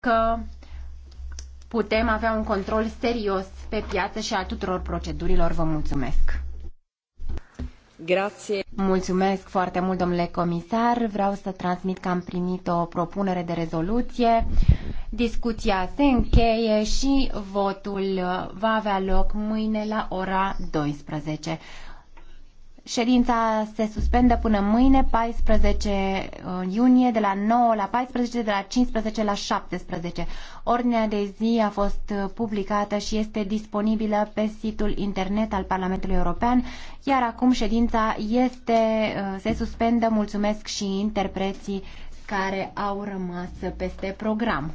că putem avea un control serios pe piață și a tuturor procedurilor. Vă mulțumesc! Grazie. Mulțumesc foarte mult, domnule comisar. Vreau să transmit că am primit o propunere de rezoluție. Discuția se încheie și votul va avea loc mâine la ora 12. Ședința se suspendă până mâine, 14 uh, iunie, de la 9 la 14, de la 15 la 17. Ordinea de zi a fost uh, publicată și este disponibilă pe site-ul internet al Parlamentului European, iar acum ședința este, uh, se suspendă. Mulțumesc și interpreții care au rămas peste program.